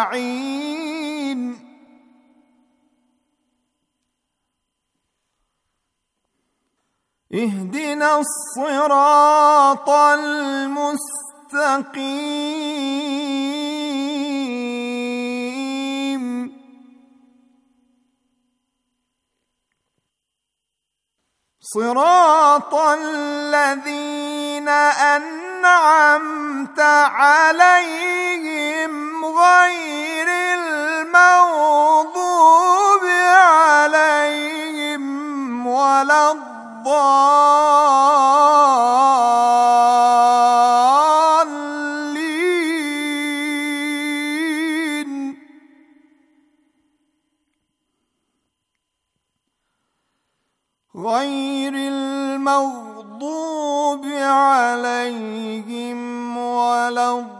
أجمعين اهدنا الصراط المستقيم صراط الذين أنعمت عليهم غير المغضوب عليهم ولا الضالين غير المغضوب عليهم ولا الضالين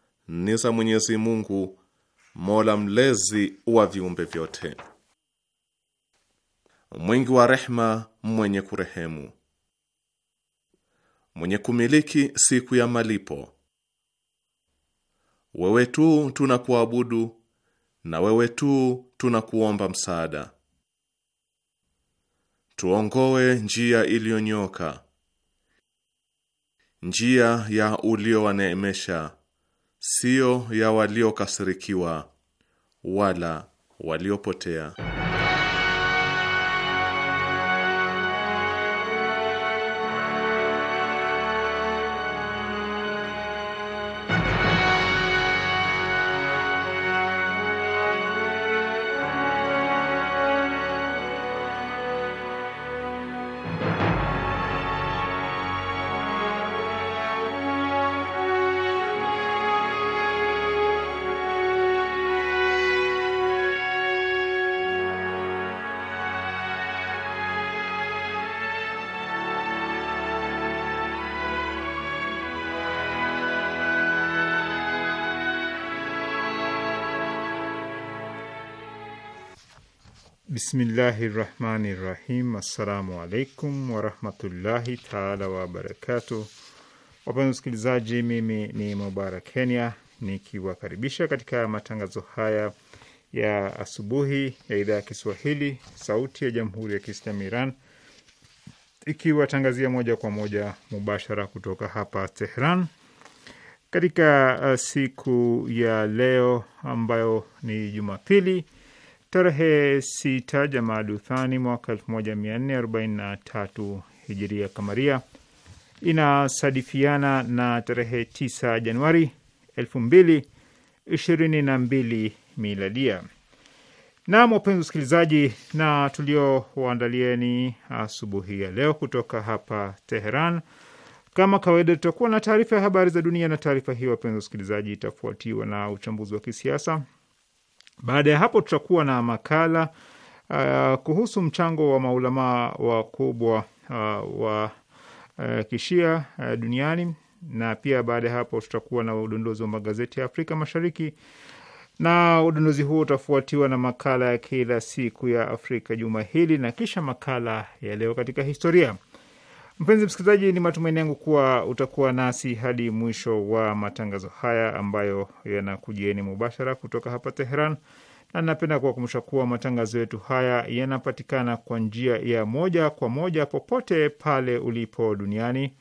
ni za Mwenyezi Mungu, mola mlezi wa viumbe vyote, mwingi wa rehma, mwenye kurehemu, mwenye kumiliki siku ya malipo. Wewe tu tunakuabudu na wewe tu tunakuomba msaada. Tuongoe njia iliyonyoka, njia ya uliowaneemesha siyo ya waliokasirikiwa wala waliopotea. Bismillahi rahmani rahim. Assalamu alaikum warahmatullahi taala wabarakatuh. Wapenzi wasikilizaji, mimi ni Mubarak Kenya nikiwakaribisha katika matangazo haya ya asubuhi ya idhaa ya Kiswahili sauti ya jamhuri ya Kiislamu Iran ikiwatangazia moja kwa moja mubashara kutoka hapa Tehran katika uh, siku ya leo ambayo ni Jumapili tarehe sita Jamaaduthani mwaka 1443 hijiria kamaria inasadifiana na tarehe 9 Januari 2022 miladia. Naam, wapenzi wasikilizaji, na tuliowaandalieni asubuhi ya leo kutoka hapa Teheran, kama kawaida, tutakuwa na taarifa ya habari za dunia, na taarifa hiyo, wapenzi wasikilizaji, itafuatiwa na uchambuzi wa kisiasa baada ya hapo tutakuwa na makala uh, kuhusu mchango wa maulamaa wakubwa uh, wa uh, kishia uh, duniani na pia baada ya hapo tutakuwa na udondozi wa magazeti ya Afrika Mashariki na udondozi huo utafuatiwa na makala ya kila siku ya Afrika juma hili na kisha makala ya leo katika historia. Mpenzi msikilizaji, ni matumaini yangu kuwa utakuwa nasi hadi mwisho wa matangazo haya ambayo yanakujieni mubashara kutoka hapa Teheran, na napenda kuwakumbusha kuwa matangazo yetu haya yanapatikana kwa njia ya moja kwa moja popote pale ulipo duniani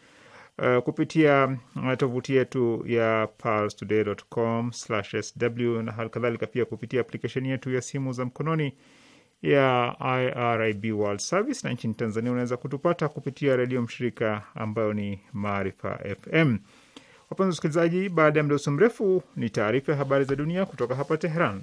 uh, kupitia eh, tovuti yetu ya parstoday.com/sw na halikadhalika pia kupitia aplikesheni yetu ya simu za mkononi ya IRIB World Service, na nchini Tanzania unaweza kutupata kupitia redio mshirika ambayo ni Maarifa FM. Wapenzi wasikilizaji, baada ya muda mrefu ni taarifa ya habari za dunia kutoka hapa Tehran.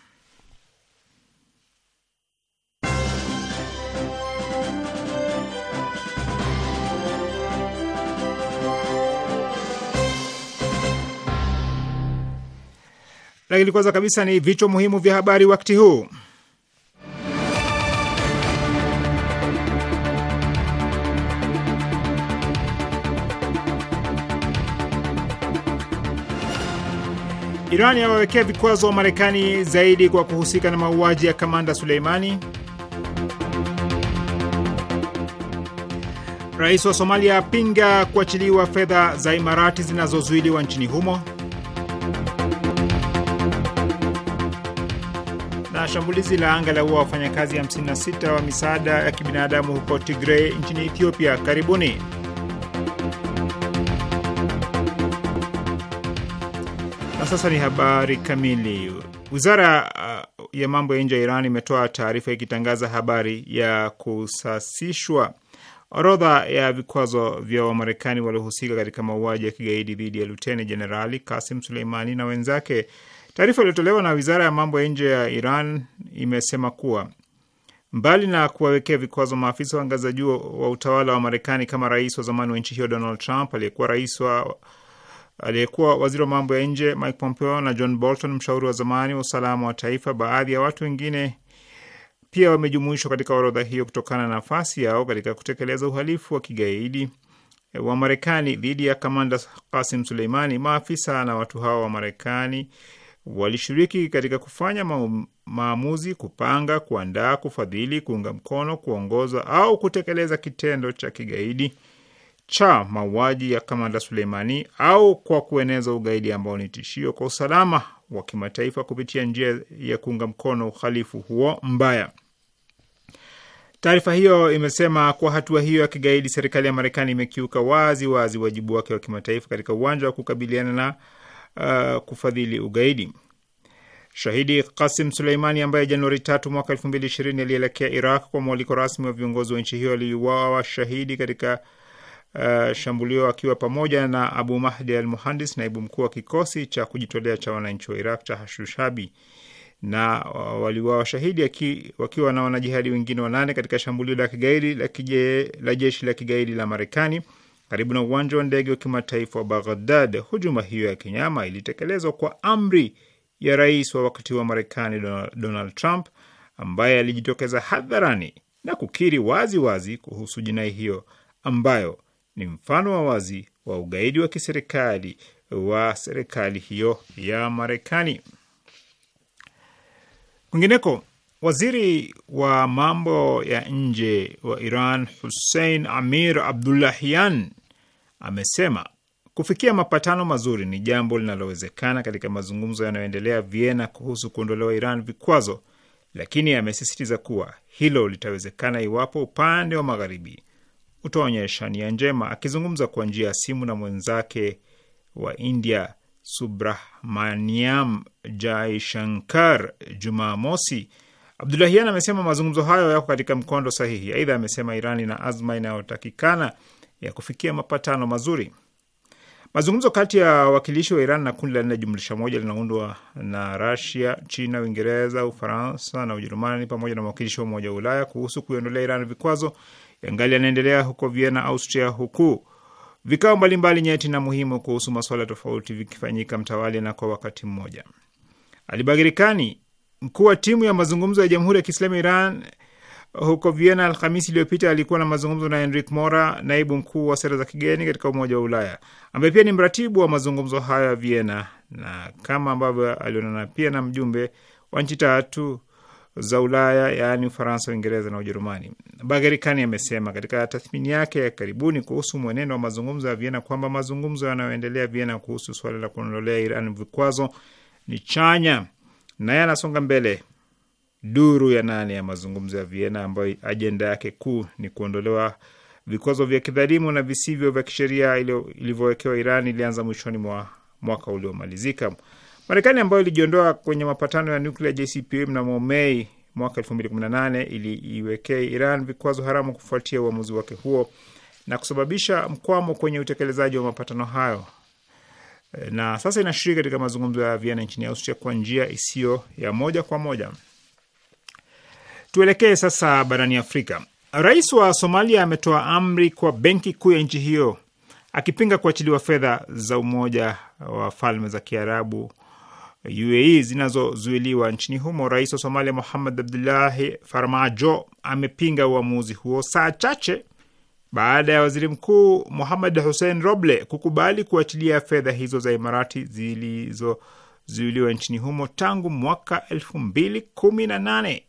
Lakini kwanza kabisa ni vichwa muhimu vya habari wakati huu. Iran yawawekea vikwazo wa Marekani zaidi kwa kuhusika na mauaji ya kamanda Suleimani. Rais wa Somalia apinga kuachiliwa fedha za Imarati zinazozuiliwa nchini humo. shambulizi la anga la ua wafanyakazi 56 wa misaada ya kibinadamu huko tigrei nchini Ethiopia. Karibuni. Na sasa ni habari kamili. Wizara uh, ya mambo ya nje ya Iran imetoa taarifa ikitangaza habari ya kusasishwa orodha ya vikwazo vya Wamarekani waliohusika katika mauaji ya kigaidi dhidi ya luteni jenerali Kasim Suleimani na wenzake Taarifa iliyotolewa na wizara ya mambo ya nje ya Iran imesema kuwa mbali na kuwawekea vikwazo maafisa wa ngazi za juu wa utawala wa Marekani kama rais wa zamani wa nchi hiyo Donald Trump, aliyekuwa rais wa aliyekuwa waziri wa mambo ya nje Mike Pompeo na John Bolton, mshauri wa zamani wa usalama wa taifa, baadhi ya watu wengine pia wamejumuishwa katika orodha hiyo kutokana na nafasi yao katika kutekeleza uhalifu wa kigaidi wa Marekani dhidi ya kamanda Kasim Suleimani. Maafisa na watu hao wa Marekani walishiriki katika kufanya ma maamuzi, kupanga, kuandaa, kufadhili, kuunga mkono, kuongoza au kutekeleza kitendo cha kigaidi cha mauaji ya kamanda Suleimani au kwa kueneza ugaidi ambao ni tishio kwa usalama wa kimataifa kupitia njia ya kuunga mkono uhalifu huo mbaya. Taarifa hiyo imesema kwa hatua hiyo ya kigaidi, serikali ya Marekani imekiuka wazi wazi wajibu wake wa kimataifa katika uwanja wa kukabiliana na uh, kufadhili ugaidi. Shahidi Kasim Suleimani ambaye Januari tatu mwaka elfu mbili ishirini alielekea Iraq kwa mwaliko rasmi wa viongozi wa nchi hiyo aliuawa shahidi katika uh, shambulio akiwa pamoja na Abu Mahdi al Muhandis, naibu mkuu wa kikosi cha kujitolea cha wananchi wa Iraq cha Hashushabi, na uh, waliuawa shahidi aki, wakiwa na wanajihadi wengine wanane katika shambulio la kigaidi la jeshi la kigaidi la Marekani karibu na uwanja wa ndege wa kimataifa wa Baghdad. Hujuma hiyo ya kinyama ilitekelezwa kwa amri ya rais wa wakati wa Marekani Donald Trump, ambaye alijitokeza hadharani na kukiri wazi wazi kuhusu jinai hiyo ambayo ni mfano wa wazi wa ugaidi wa kiserikali wa serikali hiyo ya Marekani. Kwingineko, waziri wa mambo ya nje wa Iran Hussein Amir Abdullahian amesema kufikia mapatano mazuri ni jambo linalowezekana katika mazungumzo yanayoendelea Vienna kuhusu kuondolewa Iran vikwazo, lakini amesisitiza kuwa hilo litawezekana iwapo upande wa magharibi utaonyesha nia njema. Akizungumza kwa njia ya simu na mwenzake wa India Subrahmaniam Jaishankar Jumamosi, Abdulahian amesema mazungumzo hayo yako katika mkondo sahihi. Aidha amesema Iran ina azma inayotakikana ya kufikia mapatano mazuri. Mazungumzo kati ya wakilishi wa Iran na kundi la nne jumlisha moja linaundwa na Rasia, China, Uingereza, Ufaransa na Ujerumani pamoja na mwakilishi wa Umoja wa Ulaya kuhusu kuiondolea Iran vikwazo yangali yanaendelea huko Vienna, Austria, huku vikao mbalimbali nyeti na muhimu kuhusu masuala tofauti vikifanyika mtawali na kwa wakati mmoja. Ali Bagirikani, mkuu wa timu ya mazungumzo ya Jamhuri ya Kiislamu ya Iran huko Vienna Alhamisi iliyopita alikuwa na mazungumzo na henrik Mora, naibu mkuu wa sera za kigeni katika Umoja wa Ulaya, ambaye pia ni mratibu wa mazungumzo hayo ya Vienna, na kama ambavyo alionana pia na mjumbe wa nchi tatu za Ulaya, yaani Ufaransa, Uingereza na Ujerumani. Bagherikani amesema katika tathmini yake ya karibuni kuhusu mwenendo wa mazungumzo ya Vienna kwamba mazungumzo yanayoendelea Vienna kuhusu suala la kuondolea Iran vikwazo ni chanya, naye anasonga mbele duru ya nane ya mazungumzo ya Vienna ambayo ajenda yake kuu ni kuondolewa vikwazo vya kidhalimu na visivyo vya kisheria ilivyowekewa Iran ilianza mwishoni mwa mwaka uliomalizika. Marekani ambayo ilijiondoa kwenye mapatano ya nuklia JCPOA mnamo Mei mwaka 2018 iliiwekea Iran vikwazo haramu kufuatia uamuzi wake huo na kusababisha mkwamo kwenye utekelezaji wa mapatano hayo, eh, na sasa inashiriki katika mazungumzo ya Vienna nchini Austria kwa njia isiyo ya moja kwa moja. Tuelekee sasa barani Afrika. Rais wa Somalia ametoa amri kwa benki kuu ya nchi hiyo akipinga kuachiliwa fedha za Umoja wa Falme za Kiarabu UAE zinazozuiliwa nchini humo. Rais wa Somalia Mohamed Abdullahi Farmajo amepinga uamuzi huo saa chache baada ya waziri mkuu muhamad Hussein Roble kukubali kuachilia fedha hizo za Imarati zilizozuiliwa nchini humo tangu mwaka elfu mbili kumi na nane.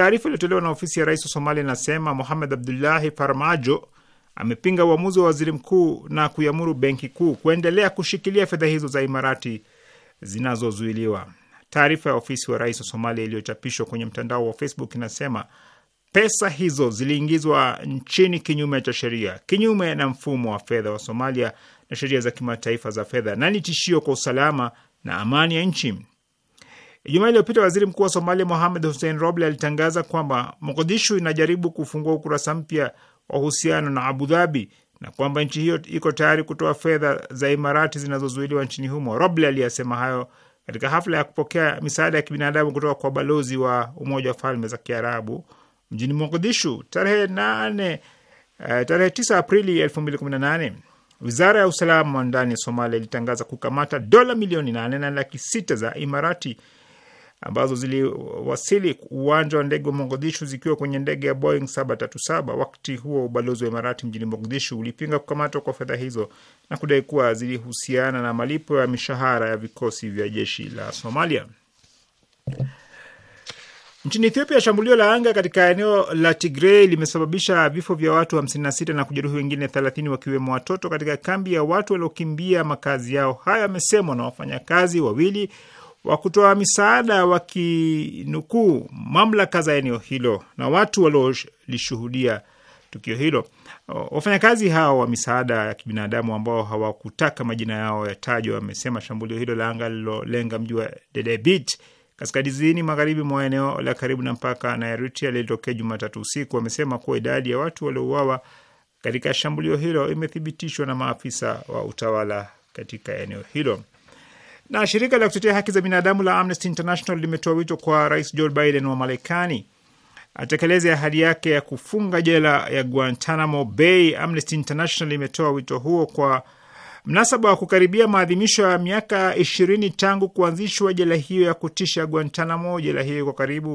Taarifa iliyotolewa na ofisi ya rais wa Somalia inasema Mohamed Abdullahi Farmajo amepinga uamuzi wa waziri mkuu na kuiamuru benki kuu kuendelea kushikilia fedha hizo za Imarati zinazozuiliwa. Taarifa ya ofisi wa rais wa Somalia iliyochapishwa kwenye mtandao wa Facebook inasema pesa hizo ziliingizwa nchini kinyume cha sheria, kinyume na mfumo wa fedha wa Somalia na sheria za kimataifa za fedha na ni tishio kwa usalama na amani ya nchi. Ijumaa iliyopita waziri mkuu wa Somalia Mohamed Hussein Roble alitangaza kwamba Mogadishu inajaribu kufungua ukurasa mpya wa uhusiano na Abu Dhabi na kwamba nchi hiyo iko tayari kutoa fedha za imarati zinazozuiliwa nchini humo. Roble aliyasema hayo katika hafla ya kupokea misaada ya kibinadamu kutoka kwa balozi wa Umoja wa Falme za Kiarabu mjini Mogadishu tarehe nane uh, tarehe 9 Aprili 2018. Wizara ya usalama wa ndani ya Somalia ilitangaza kukamata dola milioni nane na laki sita za imarati ambazo ziliwasili uwanja wa ndege wa Mogadishu zikiwa kwenye ndege ya Boeing 737. Wakati huo ubalozi wa Imarati mjini Mogadishu ulipinga kukamatwa kwa fedha hizo na kudai kuwa zilihusiana na malipo ya mishahara ya vikosi vya jeshi la Somalia. Nchini Ethiopia, shambulio la anga katika eneo la Tigrei limesababisha vifo vya watu 56 wa na kujeruhi wengine 30 wakiwemo watoto katika kambi ya watu waliokimbia makazi yao. Haya yamesemwa na wafanyakazi wawili wa kutoa misaada wakinukuu mamlaka za eneo hilo na watu waliolishuhudia tukio hilo. Wafanyakazi hao wa misaada ya kibinadamu ambao hawakutaka majina yao yatajwa, wamesema shambulio hilo la anga lilolenga mji wa Dedebit kaskazini magharibi mwa eneo la karibu na mpaka na Eritrea lilitokea Jumatatu usiku. Wamesema kuwa idadi ya watu waliouawa katika shambulio hilo imethibitishwa na maafisa wa utawala katika eneo hilo. Na shirika la kutetea haki za binadamu la Amnesty International limetoa wito kwa Rais Joe Biden wa Marekani atekeleze ahadi yake ya kufunga jela ya Guantanamo Bay. Amnesty International imetoa wito huo kwa mnasaba wa kukaribia maadhimisho ya miaka ishirini tangu kuanzishwa jela hiyo ya kutisha Guantanamo. Jela hiyo iko karibu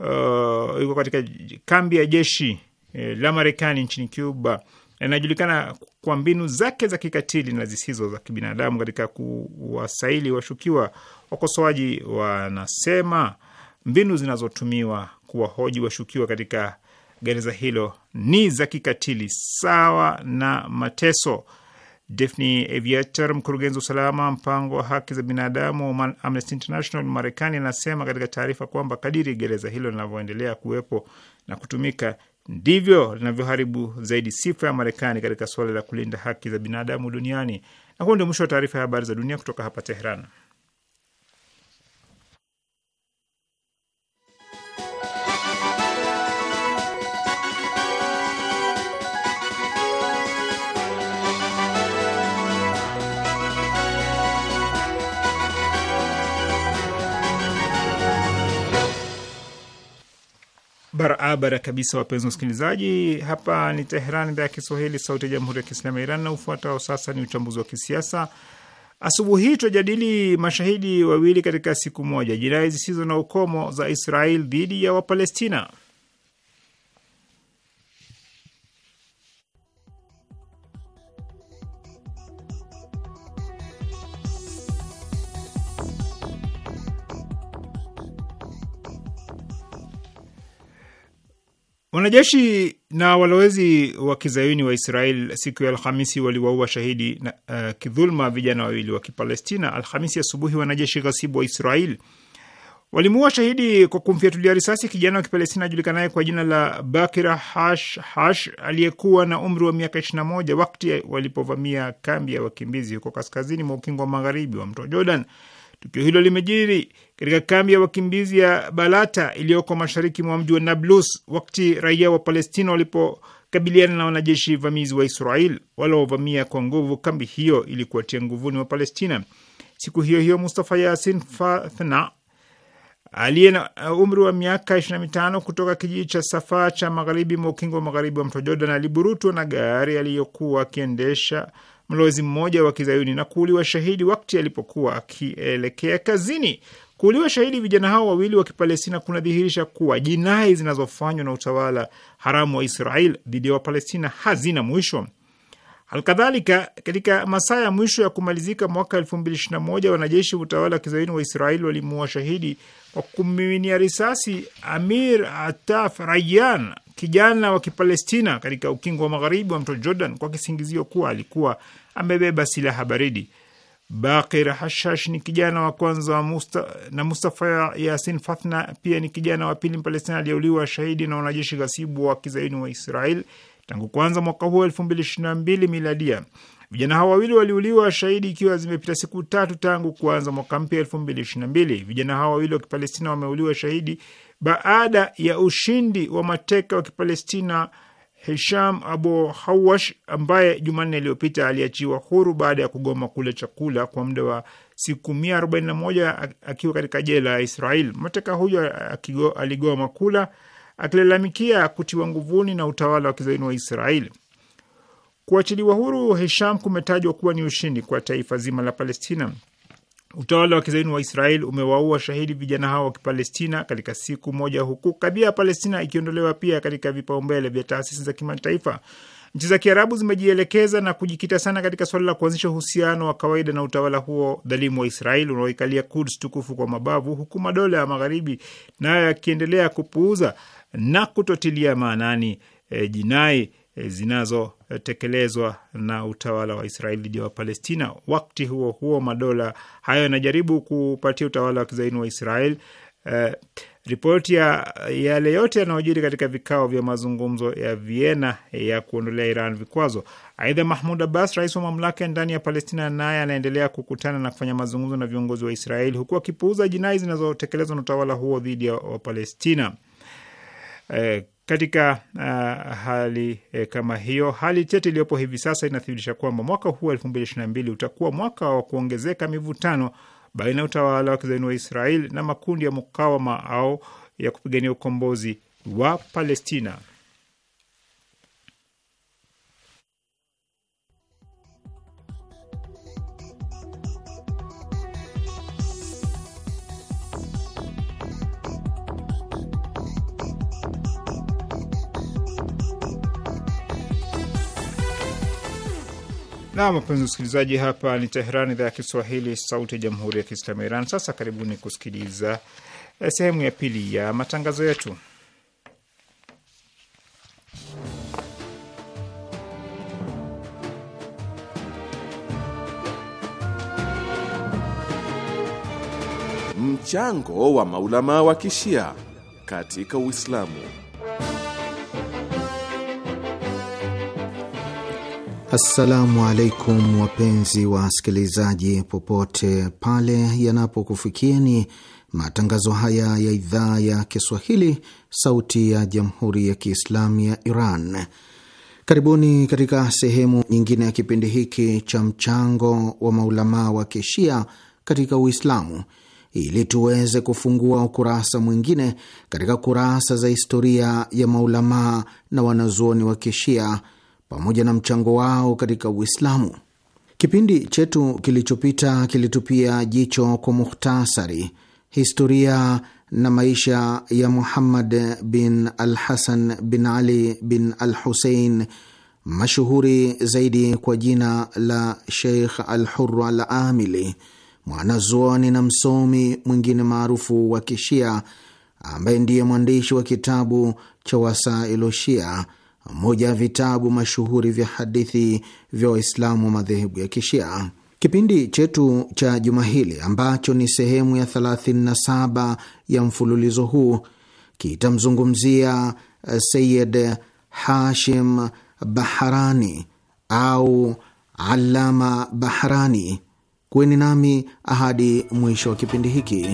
uh, iko katika kambi ya jeshi eh, la Marekani nchini Cuba inajulikana kwa mbinu zake za kikatili na zisizo za kibinadamu katika kuwasaili washukiwa. Wakosoaji wanasema mbinu zinazotumiwa kuwahoji washukiwa katika gereza hilo ni za kikatili sawa na mateso. Daphne Aviator, mkurugenzi wa usalama mpango wa haki za binadamu wa Amnesty International Marekani, anasema katika taarifa kwamba kadiri gereza hilo linavyoendelea kuwepo na kutumika ndivyo linavyoharibu zaidi sifa ya Marekani katika suala la kulinda haki za binadamu duniani. Na huo ndio mwisho wa taarifa ya habari za dunia kutoka hapa Teheran. barabara kabisa, wapenzi wasikilizaji. Hapa ni Teheran, idhaa ya Kiswahili, sauti ya jamhuri ya kiislamu ya Iran. Na ufuatao sasa ni uchambuzi wa kisiasa. Asubuhi hii tutajadili mashahidi wawili katika siku moja, jinai zisizo na ukomo za Israel dhidi ya Wapalestina. Wanajeshi na walowezi wa kizayuni wa Israel siku ya Alhamisi waliwaua shahidi na, uh, kidhulma vijana wawili wa Kipalestina. Alhamisi asubuhi, wanajeshi ghasibu wa Israel walimuua shahidi kwa kumfyatulia risasi kijana wa Kipalestina ajulikanaye kwa jina la Bakira Hash Hash aliyekuwa na umri wa miaka 21 wakati walipovamia kambi ya wakimbizi huko kaskazini mwa ukingo wa magharibi wa mto Jordan. Tukio hilo limejiri katika kambi ya wakimbizi ya Balata iliyoko mashariki mwa mji wa Nablus, wakati raia wa Palestina walipokabiliana na wanajeshi vamizi wa Israel waliovamia kwa nguvu kambi hiyo ili kuwatia nguvuni wa Palestina. Siku hiyo hiyo, Mustafa Yasin Fathna aliye na uh, umri wa miaka 25 kutoka kijiji cha Safa cha magharibi mwa ukingo wa magharibi wa mto Jordan aliburutwa na gari aliyokuwa akiendesha mlowezi mmoja wa kizayuni na kuuliwa shahidi wakati alipokuwa akielekea kazini. Kuuliwa shahidi vijana hao wawili wa Kipalestina kunadhihirisha kuwa jinai zinazofanywa na utawala haramu wa Israel dhidi ya Wapalestina hazina mwisho. Alkadhalika, katika masaa ya mwisho ya kumalizika mwaka elfu mbili ishirini na moja wanajeshi wa utawala wa kizayuni wa Israeli walimuua shahidi kwa kumiminia risasi Amir Ataf Rayan, kijana wa Kipalestina katika ukingo wa magharibi wa mto Jordan kwa kisingizio kuwa alikuwa amebeba silaha baridi. Bakir Hashash ni kijana wa kwanza wa Musta, na Mustafa Yasin Fathna pia ni kijana wa pili Mpalestina aliyeuliwa shahidi na wanajeshi ghasibu wa kizaini wa Israel tangu kwanza mwaka huo elfu mbili na mbili miladia. Vijana hao wawili waliuliwa shahidi ikiwa zimepita siku tatu tangu kuanza mwaka mpya elfu mbili na mbili. Vijana hao wawili wa Kipalestina wameuliwa shahidi baada ya ushindi wa mateka wa Kipalestina Hisham Abu Hawash ambaye Jumanne iliyopita aliachiwa huru baada ya kugoma kula chakula kwa muda wa siku 141 akiwa katika jela ya Israel. Mateka huyo aligoma kula akilalamikia kutiwa nguvuni na utawala wa kizaini wa israel Kuachiliwa huru Hisham kumetajwa kuwa ni ushindi kwa taifa zima la Palestina. Utawala wa kizaini wa Israel umewaua shahidi vijana hao wa Kipalestina katika siku moja, huku kadhia ya Palestina ikiondolewa pia katika vipaumbele vya taasisi za kimataifa. Nchi za Kiarabu zimejielekeza na kujikita sana katika suala la kuanzisha uhusiano wa kawaida na utawala huo dhalimu wa Israel unaoikalia Kuds tukufu kwa mabavu, huku madola ya Magharibi nayo yakiendelea kupuuza na kutotilia maanani e, jinai Eh, zinazotekelezwa na utawala wa Israeli dhidi ya Wapalestina. Wakati huo huo, madola hayo yanajaribu kupatia utawala wa kizaini wa Israel eh, ripoti ya yale yote yanayojiri katika vikao vya mazungumzo ya Vienna ya kuondolea Iran vikwazo. Aidha, Mahmud Abbas, rais wa mamlaka ya ndani ya Palestina, naye anaendelea kukutana na kufanya mazungumzo na viongozi wa Israeli huku akipuuza jinai zinazotekelezwa na utawala huo dhidi ya Wapalestina. Eh, katika uh, hali eh, kama hiyo, hali tete iliyopo hivi sasa inathibitisha kwamba mwaka huu elfu mbili ishirini na mbili utakuwa mwaka wa kuongezeka mivutano baina ya utawala wa kizayuni wa Israel na makundi ya mukawama au ya kupigania ukombozi wa Palestina. Na wapenzi usikilizaji, hapa ni Teheran, idhaa ya Kiswahili, sauti ya jamhuri ya kiislamu ya Iran. Sasa karibuni kusikiliza eh, sehemu ya pili ya matangazo yetu. Mchango wa maulama wa kishia katika Uislamu. Assalamu alaikum wapenzi wasikilizaji, popote pale yanapokufikieni matangazo haya ya idhaa ya Kiswahili, sauti ya jamhuri ya kiislamu ya Iran. Karibuni katika sehemu nyingine ya kipindi hiki cha mchango wa maulamaa wa kishia katika Uislamu, ili tuweze kufungua ukurasa mwingine katika kurasa za historia ya maulamaa na wanazuoni wa kishia pamoja na mchango wao katika Uislamu. Kipindi chetu kilichopita kilitupia jicho kwa muhtasari historia na maisha ya Muhammad bin al Hasan bin Ali bin al Husein, mashuhuri zaidi kwa jina la Sheikh al Hurr al Amili, mwanazuoni na msomi mwingine maarufu wa Kishia ambaye ndiye mwandishi wa kitabu cha Wasailoshia moja ya vitabu mashuhuri vya hadithi vya Waislamu wa madhehebu ya Kishia. Kipindi chetu cha juma hili ambacho ni sehemu ya 37 ya mfululizo huu kitamzungumzia eh, Sayid Hashim Baharani au Alama Baharani. Kuweni nami ahadi mwisho wa kipindi hiki.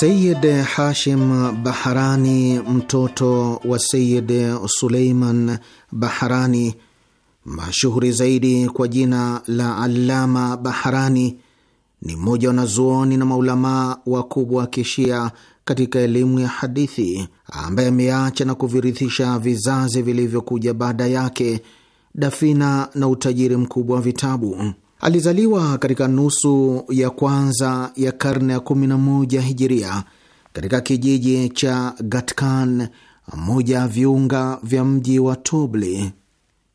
Sayid Hashim Baharani, mtoto wa Sayid Suleiman Baharani, mashuhuri zaidi kwa jina la Allama Baharani, ni mmoja wa wanazuoni na maulamaa wakubwa wa kishia katika elimu ya hadithi, ambaye ameacha na kuvirithisha vizazi vilivyokuja baada yake dafina na utajiri mkubwa wa vitabu. Alizaliwa katika nusu ya kwanza ya karne ya 11 hijiria katika kijiji cha Gatkan, moja ya viunga vya mji wa Tubli.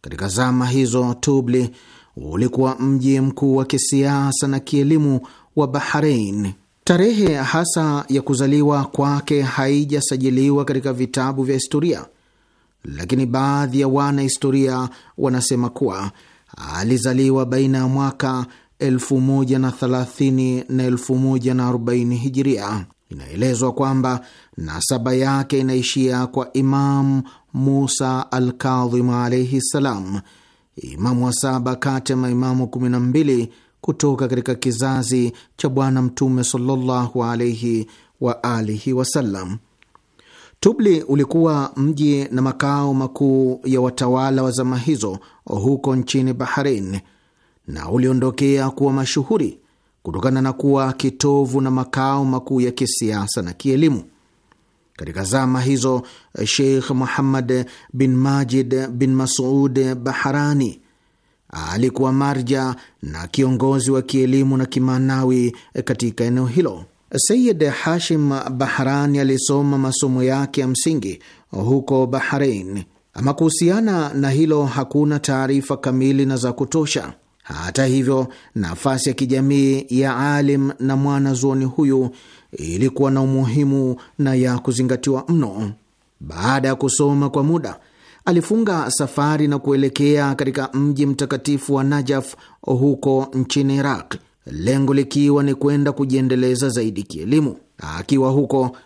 Katika zama hizo, Tubli ulikuwa mji mkuu wa kisiasa na kielimu wa bahrein Tarehe hasa ya kuzaliwa kwake haijasajiliwa katika vitabu vya historia, lakini baadhi ya wanahistoria wanasema kuwa alizaliwa baina ya mwaka 1030 na Hijiria. Inaelezwa kwamba nasaba yake inaishia kwa Imam Musa Alkadhim alaihi ssalam, imamu wa saba kati ya maimamu 12 kutoka katika kizazi cha Bwana Mtume sallallahu alaihi wa alihi wasallam. Tubli ulikuwa mji na makao makuu ya watawala wa zama hizo huko nchini Bahrain na uliondokea kuwa mashuhuri kutokana na kuwa kitovu na makao makuu ya kisiasa na kielimu. Katika zama hizo, Sheikh Muhammad bin Majid bin Masud Baharani alikuwa marja na kiongozi wa kielimu na kimaanawi katika eneo hilo. Sayid Hashim Baharani alisoma masomo yake ya msingi huko Bahrain ama kuhusiana na hilo hakuna taarifa kamili na za kutosha. Hata hivyo, nafasi ya kijamii ya alim na mwana zuoni huyu ilikuwa na umuhimu na ya kuzingatiwa mno. Baada ya kusoma kwa muda, alifunga safari na kuelekea katika mji mtakatifu wa Najaf huko nchini Iraq, lengo likiwa ni kwenda kujiendeleza zaidi kielimu. Akiwa huko,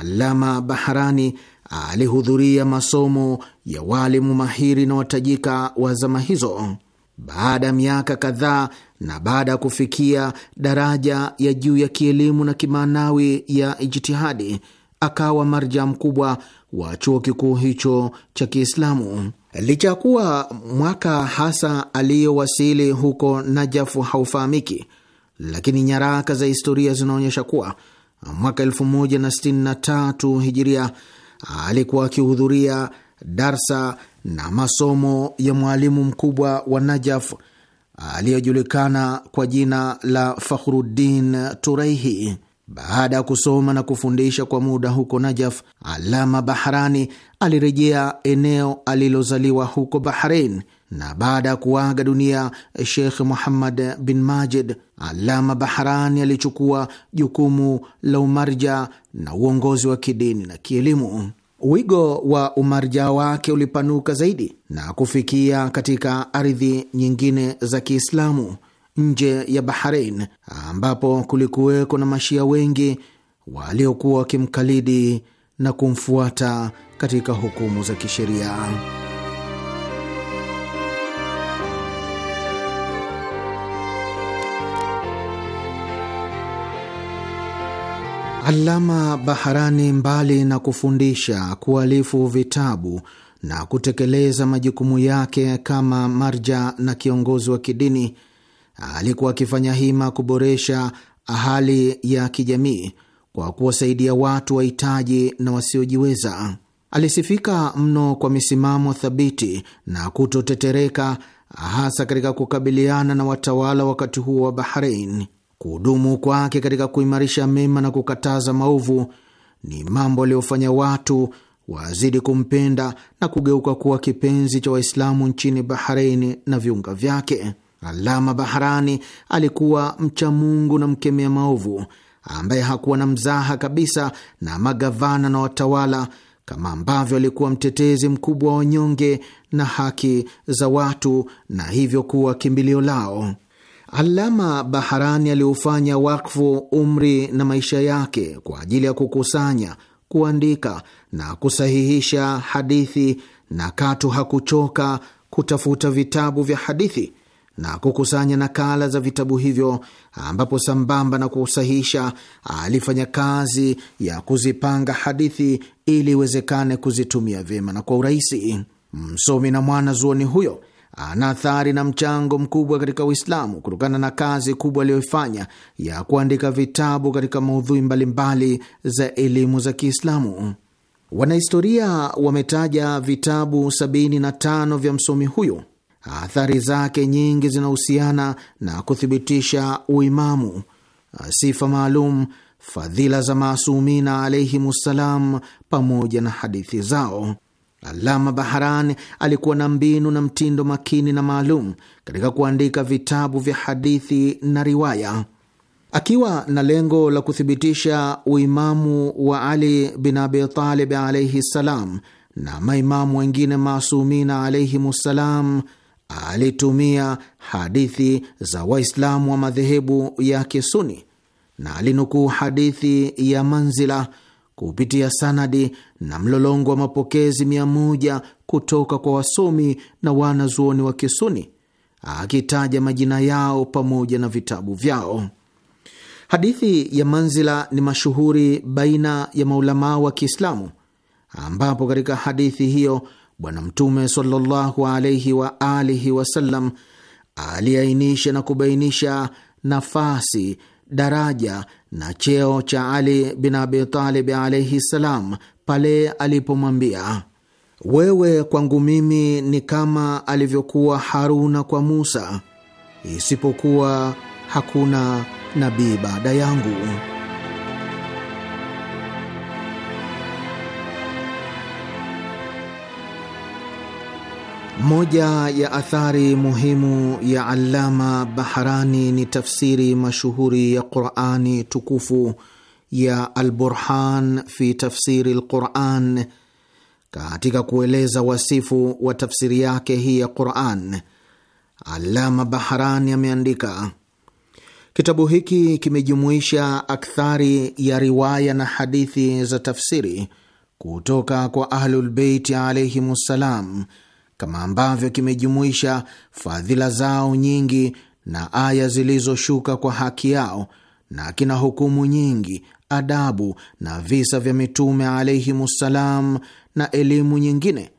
Alama Baharani alihudhuria masomo ya walimu mahiri na watajika wa zama hizo. Baada ya miaka kadhaa na baada ya kufikia daraja ya juu ya kielimu na kimaanawi ya ijtihadi, akawa marja mkubwa wa chuo kikuu hicho cha Kiislamu. Licha ya kuwa mwaka hasa aliyowasili huko Najafu haufahamiki, lakini nyaraka za historia zinaonyesha kuwa mwaka 1063 hijiria alikuwa akihudhuria darsa na masomo ya mwalimu mkubwa wa Najaf aliyojulikana kwa jina la Fakhruddin Turaihi. Baada ya kusoma na kufundisha kwa muda huko Najaf, Alama Bahrani alirejea eneo alilozaliwa huko Bahrein na baada ya kuaga dunia Sheikh Muhammad bin Majid, Alama Bahrani alichukua jukumu la umarja na uongozi wa kidini na kielimu. Wigo wa umarja wake ulipanuka zaidi na kufikia katika ardhi nyingine za Kiislamu nje ya Bahrain, ambapo kulikuweko na mashia wengi waliokuwa wakimkalidi na kumfuata katika hukumu za kisheria. alama Baharani, mbali na kufundisha, kualifu vitabu na kutekeleza majukumu yake kama marja na kiongozi wa kidini, alikuwa akifanya hima kuboresha hali ya kijamii kwa kuwasaidia watu wahitaji na wasiojiweza. Alisifika mno kwa misimamo thabiti na kutotetereka, hasa katika kukabiliana na watawala wakati huo wa Bahrein. Kuhudumu kwake katika kuimarisha mema na kukataza maovu ni mambo aliyofanya watu wazidi kumpenda na kugeuka kuwa kipenzi cha Waislamu nchini Bahreini na viunga vyake. Alama bahrani alikuwa mcha Mungu na mkemea maovu ambaye hakuwa na mzaha kabisa na magavana na watawala, kama ambavyo alikuwa mtetezi mkubwa wa wanyonge na haki za watu, na hivyo kuwa kimbilio lao. Alama Baharani aliofanya wakfu umri na maisha yake kwa ajili ya kukusanya, kuandika na kusahihisha hadithi, na katu hakuchoka kutafuta vitabu vya hadithi na kukusanya nakala za vitabu hivyo, ambapo sambamba na kusahihisha alifanya kazi ya kuzipanga hadithi ili iwezekane kuzitumia vyema na kwa urahisi. Msomi na mwana zuoni huyo ana athari na mchango mkubwa katika Uislamu kutokana na kazi kubwa aliyoifanya ya kuandika vitabu katika maudhui mbalimbali za elimu za Kiislamu. Wanahistoria wametaja vitabu 75 vya msomi huyo. Athari zake nyingi zinahusiana na kuthibitisha uimamu, sifa maalum, fadhila za maasumina alaihimussalam, pamoja na hadithi zao alama Baharani alikuwa na mbinu na mtindo makini na maalum katika kuandika vitabu vya hadithi na riwaya, akiwa na lengo la kuthibitisha uimamu wa Ali bin Abi Talib alaihi ssalam na maimamu wengine masumina alaihimussalam. Alitumia hadithi za Waislamu wa madhehebu ya Kisuni na alinukuu hadithi ya Manzila kupitia sanadi na mlolongo wa mapokezi mia moja kutoka kwa wasomi na wanazuoni wa Kisuni, akitaja majina yao pamoja na vitabu vyao. Hadithi ya Manzila ni mashuhuri baina ya maulamaa wa Kiislamu, ambapo katika hadithi hiyo Bwana Mtume sallallahu alaihi wa alihi wasallam aliainisha na kubainisha nafasi, daraja na cheo cha Ali bin Abi Talib alaihi ssalam pale alipomwambia wewe kwangu mimi ni kama alivyokuwa Haruna kwa Musa, isipokuwa hakuna nabii baada yangu. Moja ya athari muhimu ya Allama Baharani ni tafsiri mashuhuri ya Qurani tukufu ya Alburhan fi tafsiri lquran. Katika kueleza wasifu wa tafsiri yake hii ya Quran, Allama Baharani ameandika kitabu hiki kimejumuisha akthari ya riwaya na hadithi za tafsiri kutoka kwa Ahlulbeiti alaihim ssalam kama ambavyo kimejumuisha fadhila zao nyingi na aya zilizoshuka kwa haki yao na kina hukumu nyingi, adabu na visa vya mitume alaihimussalam na elimu nyingine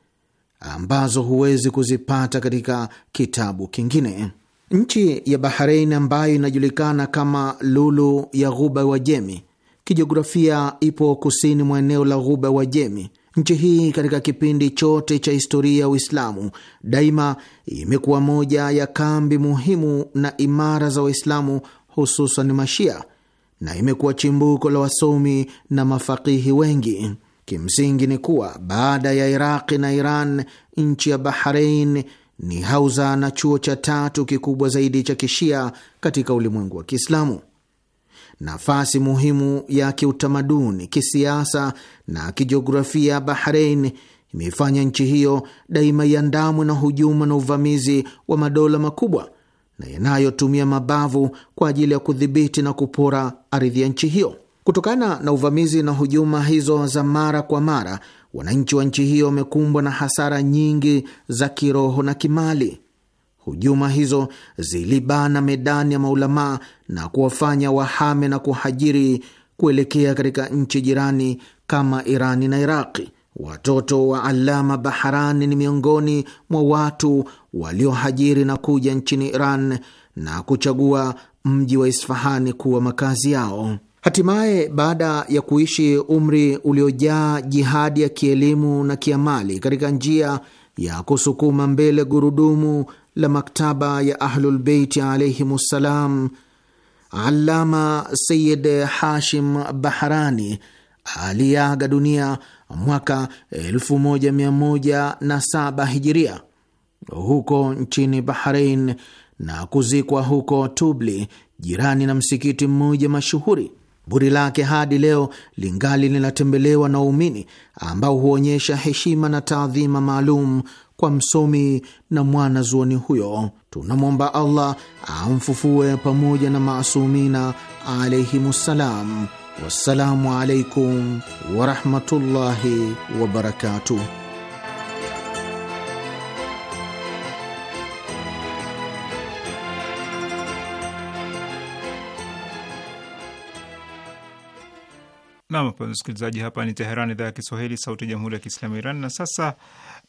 ambazo huwezi kuzipata katika kitabu kingine. Nchi ya Bahrein ambayo inajulikana kama lulu ya ghuba wa jemi kijiografia ipo kusini mwa eneo la ghuba Wajemi Nchi hii katika kipindi chote cha historia ya Uislamu daima imekuwa moja ya kambi muhimu na imara za Waislamu, hususan Mashia, na imekuwa chimbuko la wasomi na mafakihi wengi. Kimsingi ni kuwa baada ya Iraqi na Iran, nchi ya bahrein ni hauza na chuo cha tatu kikubwa zaidi cha kishia katika ulimwengu wa Kiislamu nafasi muhimu ya kiutamaduni, kisiasa na kijiografia Bahrein imeifanya nchi hiyo daima iandamwe na hujuma na uvamizi wa madola makubwa na yanayotumia mabavu kwa ajili ya kudhibiti na kupora ardhi ya nchi hiyo. Kutokana na uvamizi na hujuma hizo za mara kwa mara, wananchi wa nchi hiyo wamekumbwa na hasara nyingi za kiroho na kimali. Hujuma hizo zilibana medani ya maulamaa na kuwafanya wahame na kuhajiri kuelekea katika nchi jirani kama Irani na Iraqi. Watoto wa Alama Baharani ni miongoni mwa watu waliohajiri na kuja nchini Iran na kuchagua mji wa Isfahani kuwa makazi yao. Hatimaye, baada ya kuishi umri uliojaa jihadi ya kielimu na kiamali katika njia ya kusukuma mbele gurudumu la maktaba ya Ahlulbeiti ssalam, Allama Sayid Hashim bahrani aliaga dunia mwaka 1107 hijiria huko nchini Bahrain na kuzikwa huko Tubli, jirani na msikiti mmoja mashuhuri. Kaburi lake hadi leo lingali linatembelewa na waumini ambao huonyesha heshima na taadhima maalum kwa msomi na mwana zuoni huyo. Tunamwomba Allah amfufue pamoja na maasumina alaihimussalam. Wassalamu alaikum warahmatullahi wabarakatuh. Nam, wapenzi msikilizaji, hapa ni Teheran, idhaa ya Kiswahili, sauti ya jamhuri ya kiislamu ya Iran. Na sasa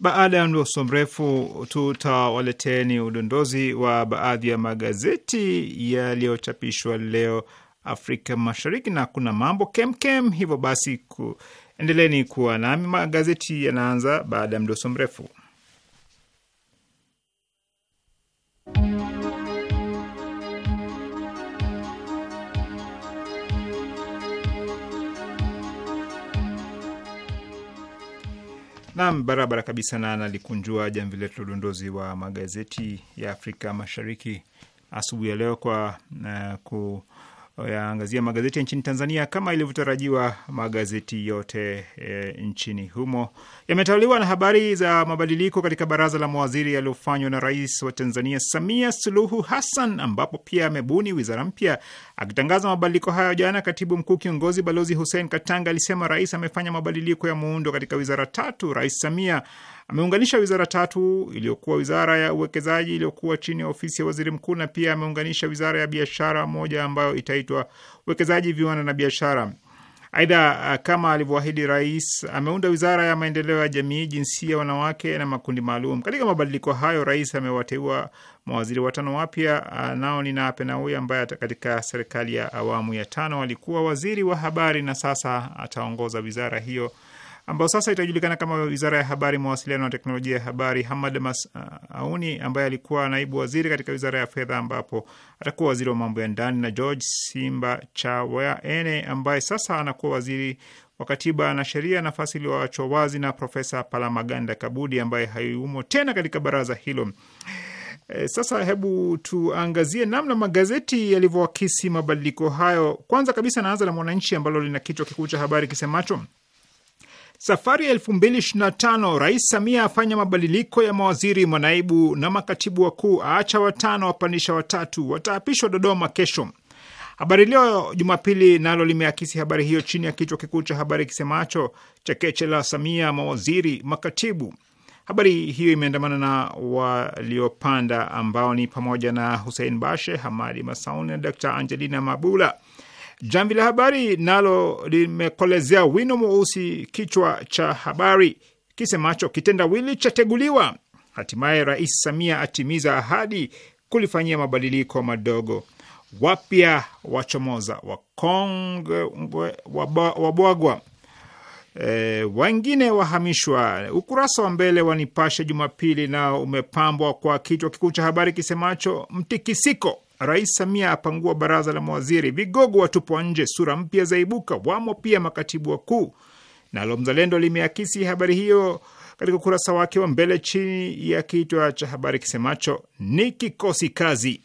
baada ya mdoso mrefu, tutawaleteni udondozi wa baadhi ya magazeti yaliyochapishwa leo Afrika Mashariki, na kuna mambo kemkem. Hivyo basi, endeleni kuwa nami. Magazeti yanaanza baada ya mdoso mrefu. Nam, barabara kabisa, na nalikunjua jamvi letu la udondozi wa magazeti ya Afrika Mashariki asubuhi ya leo kwa uh, ku yaangazia magazeti ya nchini Tanzania. Kama ilivyotarajiwa, magazeti yote e, nchini humo yametawaliwa na habari za mabadiliko katika baraza la mawaziri yaliyofanywa na rais wa Tanzania Samia Suluhu Hassan, ambapo pia amebuni wizara mpya. Akitangaza mabadiliko hayo jana, katibu mkuu kiongozi Balozi Hussein Katanga alisema rais amefanya mabadiliko ya muundo katika wizara tatu. Rais Samia Ameunganisha wizara tatu, iliyokuwa wizara ya uwekezaji iliyokuwa chini ya ofisi ya waziri mkuu, na pia ameunganisha wizara ya biashara moja ambayo itaitwa uwekezaji, viwanda na biashara. Aidha, kama alivyoahidi rais, ameunda wizara ya maendeleo ya jamii, jinsia, wanawake na makundi maalum. Katika mabadiliko hayo, rais amewateua mawaziri watano wapya, nao ni Nape Nnauye ambaye katika serikali ya awamu ya tano alikuwa waziri wa habari na sasa ataongoza wizara hiyo ambao sasa itajulikana kama Wizara ya Habari, Mawasiliano na Teknolojia ya Habari. Hamad Masauni uh, ambaye alikuwa naibu waziri katika Wizara ya Fedha, ambapo atakuwa waziri wa mambo ya ndani, na George Simba Chawaene ambaye sasa anakuwa waziri wa Katiba na Sheria, nafasi iliyoachwa wazi na Profesa Palamaganda Kabudi ambaye hayumo tena katika baraza hilo. Eh, sasa hebu tuangazie namna magazeti yalivyoakisi mabadiliko hayo. Kwanza kabisa, naanza na Mwananchi ambalo lina kichwa kikuu cha habari kisemacho Safari ya 2025 Rais Samia afanya mabadiliko ya mawaziri, manaibu na makatibu wakuu, aacha watano, wapandisha watatu, wataapishwa Dodoma kesho. Habari Leo Jumapili nalo limeakisi habari hiyo chini ya kichwa kikuu cha habari kisemacho chekeche la Samia mawaziri makatibu. Habari hiyo imeandamana na waliopanda ambao ni pamoja na Hussein Bashe, Hamadi Masauni na Dr Angelina Mabula. Jamvi la Habari nalo limekolezea wino mweusi kichwa cha habari kisemacho kitendawili chateguliwa, hatimaye Rais Samia atimiza ahadi kulifanyia mabadiliko madogo, wapya wachomoza, wakongwe wabwagwa, e, wengine wahamishwa. Ukurasa wa mbele wa Nipashe Jumapili nao umepambwa kwa kichwa kikuu cha habari kisemacho mtikisiko Rais Samia apangua baraza la mawaziri, vigogo watupwa nje, sura mpya zaibuka, wamo pia makatibu wakuu. Nalo Mzalendo limeakisi habari hiyo katika ukurasa wake wa mbele chini ya kichwa cha habari kisemacho ni kikosi kazi.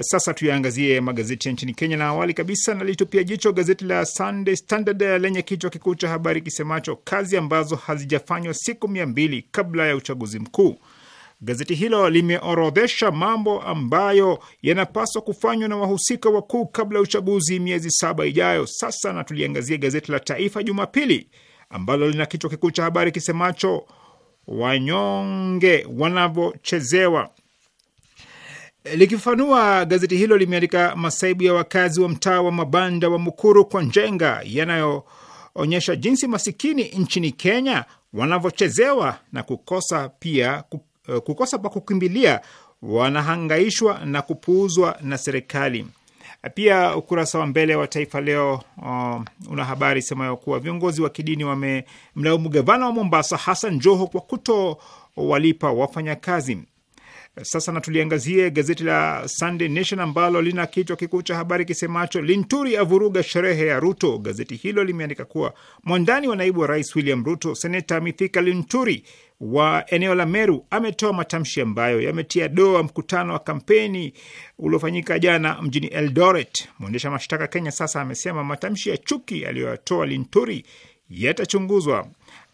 Sasa tuyaangazie magazeti ya nchini Kenya, na awali kabisa nalitupia jicho gazeti la Sunday Standard lenye kichwa kikuu cha habari kisemacho kazi ambazo hazijafanywa siku mia mbili kabla ya uchaguzi mkuu. Gazeti hilo limeorodhesha mambo ambayo yanapaswa kufanywa na wahusika wakuu kabla ya uchaguzi miezi saba ijayo. Sasa na tuliangazia gazeti la Taifa Jumapili ambalo lina kichwa kikuu cha habari kisemacho wanyonge wanavyochezewa. Likifafanua, gazeti hilo limeandika masaibu ya wakazi wa mtaa wa mabanda wa Mukuru kwa Njenga yanayoonyesha jinsi masikini nchini Kenya wanavyochezewa na kukosa pia kup Eh, kukosa pa kukimbilia, wanahangaishwa na kupuuzwa na serikali. Pia ukurasa wa mbele wa Taifa Leo uh, una habari semayo kuwa viongozi wa kidini wamemlaumu gavana wa Mombasa Hassan Joho kwa kuto walipa wafanyakazi. Sasa na tuliangazie gazeti la Sunday Nation ambalo lina kichwa kikuu cha habari kisemacho Linturi avuruga sherehe ya Ruto. Gazeti hilo limeandika kuwa mwandani wa naibu wa rais William Ruto, seneta Mithika Linturi wa eneo la Meru ametoa matamshi ambayo yametia doa mkutano wa kampeni uliofanyika jana mjini Eldoret. Mwendesha mashtaka Kenya sasa amesema matamshi ya chuki aliyoyatoa Linturi yatachunguzwa.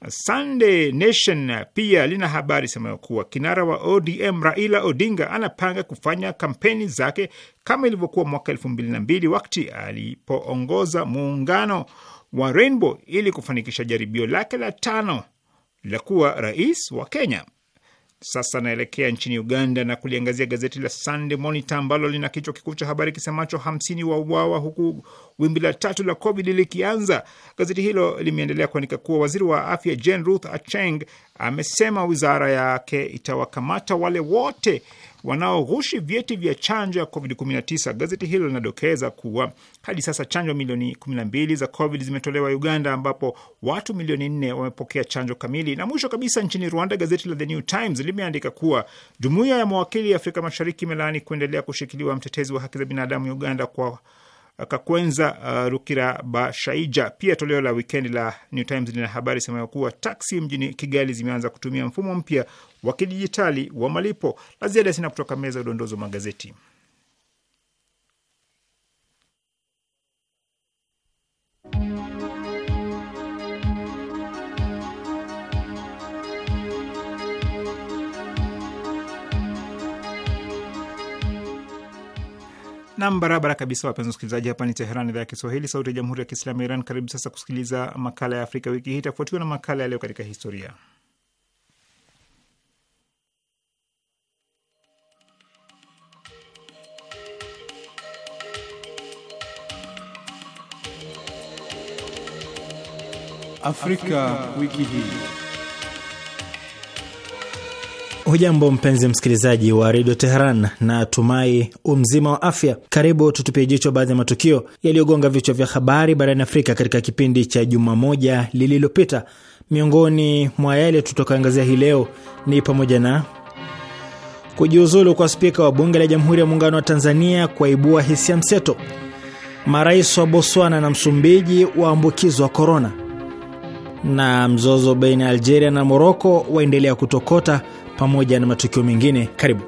Sunday Nation pia lina habari semayo kuwa kinara wa ODM Raila Odinga anapanga kufanya kampeni zake kama ilivyokuwa mwaka elfu mbili na mbili wakati alipoongoza muungano wa Rainbow ili kufanikisha jaribio lake la tano la kuwa rais wa Kenya. Sasa naelekea nchini Uganda na kuliangazia gazeti la Sunday Monitor ambalo lina kichwa kikuu cha habari kisemacho hamsini wa uwawa huku wimbi la tatu la Covid likianza. Gazeti hilo limeendelea kuandika kuwa waziri wa afya Jane Ruth Acheng amesema wizara yake itawakamata wale wote wanaoghushi vyeti vya chanjo ya COVID-19. Gazeti hilo linadokeza kuwa hadi sasa chanjo milioni 12 za COVID zimetolewa Uganda, ambapo watu milioni 4 wamepokea chanjo kamili. Na mwisho kabisa, nchini Rwanda, gazeti la The New Times limeandika kuwa jumuiya ya mawakili ya Afrika Mashariki imelaani kuendelea kushikiliwa mtetezi wa haki za binadamu Uganda kwa Kakwenza uh, Rukirabashaija. Pia toleo la wikendi la New Times lina habari semayo kuwa taksi mjini Kigali zimeanza kutumia mfumo mpya wa kidijitali wa malipo. La ziada sina kutoka meza udondozi wa magazeti. Nam, barabara kabisa, wapenzi wasikilizaji, hapa ni Teheran, idhaa ya Kiswahili, sauti ya jamhuri ya kiislamu ya Iran. Karibu sasa kusikiliza makala ya Afrika wiki hii, itafuatiwa na makala ya leo katika historia. Afrika, Afrika wiki hii. Hujambo mpenzi msikilizaji wa redio Teheran na tumai umzima wa afya. Karibu tutupie jicho baadhi ya matukio yaliyogonga vichwa vya habari barani Afrika katika kipindi cha juma moja lililopita. Miongoni mwa yale tutakaangazia hii leo ni pamoja na kujiuzulu kwa spika wa bunge la Jamhuri ya Muungano wa Tanzania kwaibua hisia mseto, marais wa Botswana na Msumbiji waambukizwa korona, na mzozo baina ya Algeria na Moroko waendelea kutokota pamoja na matukio mengine. Karibu.